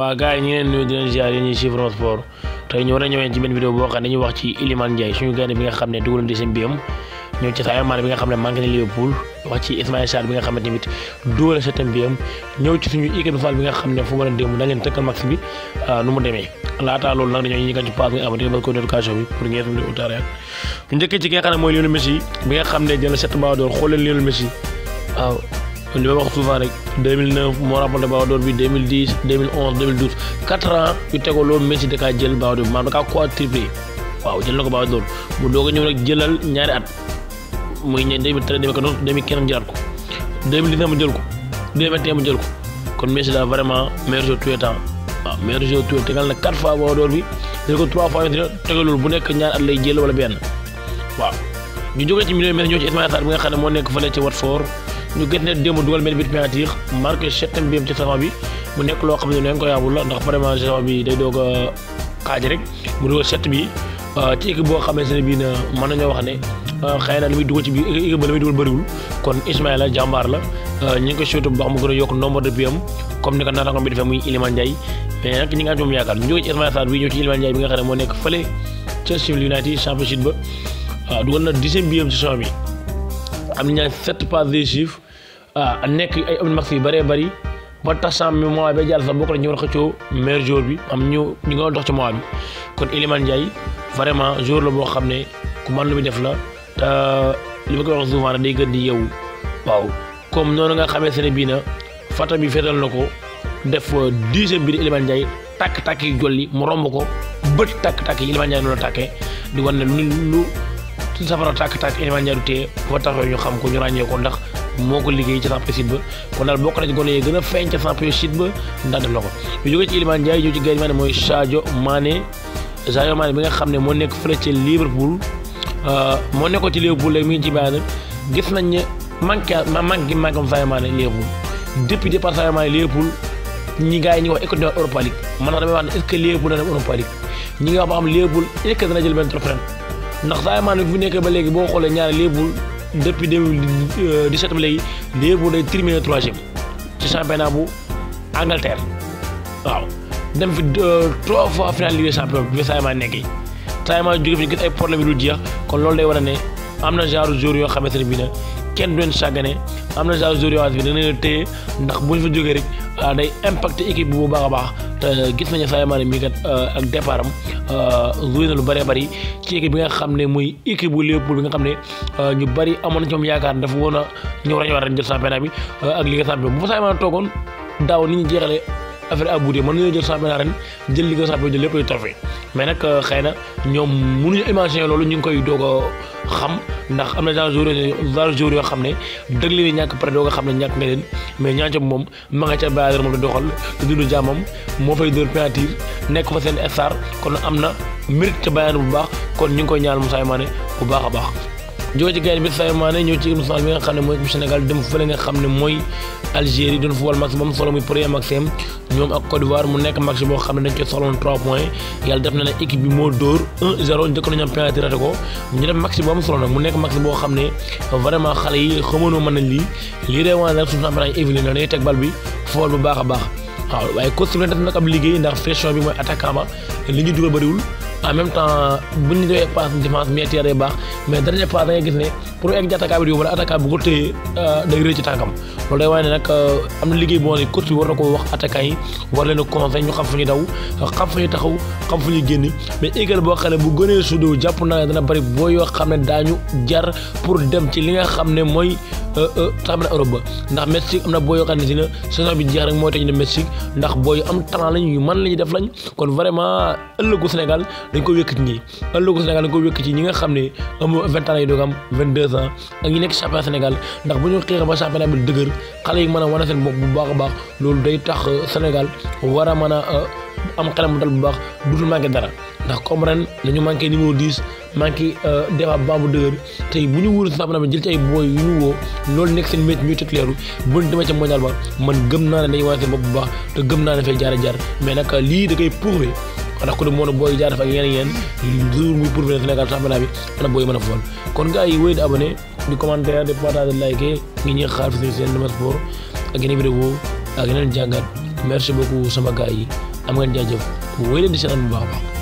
waaw gars yi ñu ngi leen nuyu di leen ziar yi ñuy suivre sport tey ñu war a ci benn vidéo boo xam ne dañuy wax ci Iliman Ndiaye suñu gaynde bi ne bi nga xam ne manqué na Liverpool wax ci Ismaïla Sarr bi nga xam ne tamit dugal sa tam biyam ci suñu bi nga xam ne fu ah, nu mu demee laataa loolu nag dañoo ñu ngi ci paas bi nga xam ne ba ko éducation bi pour ngeen di utaare ak ñu njëkkee ci ki xam ne mooy Lionel Messi bi nga xam ne jël sept Ballon d'Or xoolal Lionel Messi waaw kon li ma wax souvent rek 2009 moo remporté Ballon d'Or bi 2010 2011 2012 4 ans yu tegoo loolu Messi da kaa jël Ballon d'Or bi maanaam da kaa waaw jël na ko Ballon d'Or mu doog a ñëw nag jëlal ñaari at mu jëlaat ko 2019 mu jël ko 2021 mu jël ko kon Messi daal vraiment meilleur joueur tous les temps waaw meilleur joueur tous les temps tegal na 4 fois Ballon d'Or bi jël ko 3 fois yooyu tegal loolu bu nekk ñaari at lay jël wala benn waaw ñu jógee ci milieu Messi ñëw ci Ismaïla Sarr bi nga xam ne moo nekk fële ñu gën leen démb dugal benn bit penalty marqué septième bi ci saison bi mu nekk loo xam ne leen ko yaabul la ndax vraiment saison bi day doog bi euh, ci équipe boo xamante ne bii na mën nañoo wax euh, na li muy dugal ci biir équipe ko euh, suutu a yokk nombre de pm comme ni ko naataangoom bi defee nga xam ci Ismaïla bi ñëw ci Iliman bi nga ne moo nekk fële Chelsea United championship na dixième biam ci saison bi am nañu ay sept pages de chiffres ah nekk ay open match yu baree bëri ba tax sax mi mois ba jàll sax bokk nañ ñu war a xëccoo bi am ñu ñu nga dox ci mois bi kon Iliman Ndiaye vraiment joueur la boo xam ne ku man lu muy def la te li ma koy wax souvent gën di yeewu waaw comme noonu nga xamee sene bii na fata bi fetal na ko def euh, dixième bi di Iliman Ndiaye tàkk-tàkk yu jolli mu romb ko bët tàkk-tàkk yi Iliman Ndiaye noonu la tàkkee di wan ne lu suñ safara tàkk-tàkk élément ñaari téye bu fa taxawee ñu xam ko ñu ràññee ko moo ko liggéey ca Samp site ba kon daal bokk na ci gone yi gën a feeñ ca Samp site ba ndax def na ko ñu ci Iliman Ndiaye ñëw ci gars yi maanaam mooy Sadio Mané Sadio Mané bi nga xam ne moo nekk fële ca Liverpool euh, moo nekkoon ci Liverpool léegi mi ngi ci Bayern gis nañ ne manqué ma manqué manqué am Sadio Mané Liverpool depuis départ Sadio Mané Liverpool ñi gars yi ñu wax école de Europa League man sax damay wax ndax Sadio Mané bu nekkee ba léegi boo xoolee ñaari Liverpool depuis 2017 euh, ba léegi Liverpool day terminé troisième ci championnat bu Angleterre waaw dem fi euh, trois fois finale Ligue des champions bi Sadio Mané nekkee Sadio Mané jóge fi gis ay problème yu dul jeex kon loolu day war a ne am na genre joueur yoo xamante ne bii nag. kenn du leen sàggane am na genre joueur yoo xam ne dina ndax bu ñu fa jógee rek ah, day impacté équipe bu baax a baax te gis nañu Sadio Mané mii kat ah, ak départ am joué ah, na lu bare bari ci équipe bi nga xam ne mooy équipe bu Liverpool bi nga xam ne ñu bari amoon na ci moom yaakaar dafa woon a ñëw rajo war a jël championnat bi ak Ligue des champions bu fa Sadio Mané toogoon daaw ni ñu jeexalee affaire aboutée mën nañoo jël championnat ren jël Ligue des champions jël lépp ay trophée mais nak xeyna ñom mënu ñu imaginer loolu ñu ngi koy dogo xam ndax amna na genre jour genre jour yo xamne deug dëgg li ñak pare dogo xamne ñak ne len na leen mais ñaaco moom ma nga ca Bayern mom di doxal te dundu jàmmam mo fay dóor penalty nek fa sen star kon amna na mérite ca Bayern bu baax kon ñu ngi koy ñaan Moussa Mané bu baaxa baax jooju gaynde bi Sadio Mané ñëw ci émission bi nga xam ne mooy Sénégal dem fële nga xam ne mooy Algérie doon football match ba mu solo muy premier match am ñoom ak Côte nekk match boo xam ne dañ koy soxla woon 3 points yàlla def na ne équipe bi moo dóor 1-0 njëkk nañu am penalty raté ko ñu def match boo am solo mu nekk match boo xam ne vraiment xale yi xamoonoo mën nañ lii lii day nag suñu championnat yi na dañuy teg bal bi fool bu baax a baax waaw waaye coach bi def nag ab liggéey ndax pression bi mooy attaquant ba li ñu dugal bëriwul en même temps bu ñu doon passe défense métier day baax mais dernier passe da ngay gis ne pour egg ci attaquant bi wala attaquant bu ko téye euh, day rëcc ci tànkam loolu day wane ne nag euh, am na liggéey boo xam ne coach bi ko wax attaquant yi war leen a conseil ñu xam ñuy daw xam fu ñuy taxaw xam fu ñuy génn mais égal boo xam bu gënee jàpp naa dana bari boo yoo xam ne daañu jar pour dem ci li nga xam ne mooy. sax euh, euh, na Europe ba ndax Mexique am na boo yoo xam ne si na saison bi jeex rek mooy tey ñu dem Mexique ndax boo am talent lañ yu mën la ñuy def lañ kon vraiment ëllëgu Sénégal dañ ko wékk ci ñi ëllëgu Sénégal dañ ko wékk ci ñi nga xam ne am vingt ans yi doog am vingt deux ans ak ñi nekk champion Sénégal ndax bu ñu xeex ba championnat bi dëgër xale yi mën a wane seen bopp bu baax a baax loolu day tax euh, Sénégal war a mën a am xelam mu dal bu baax dutul manqué dara ndax comme ren dañu manqué numéro 10 manqué des fois baabu dëgër tey bu ñu wóorul sax maanaam jël ci ay booy yu ñu woo loolu nekk seen métier bu ñu demee ca mondial man gëm naa ne dañuy wane seen bopp bu baax te gëm naa ne dafay jaar jaar mais nag euh, lii da koy prouvé a ku ne moo ne booy jaar dafa ak yeneen yeneen toujours muy prouvé ne Sénégal championnat bi ana booy mën a fool kon gars yi wéy di abonné di commentaire di partager di liker ngi ñuy xaar fi seen Sen Sport ak yeneen vidéo ak yeneen jàngat merci sama gars yi I'm gonna judge you. Gue dan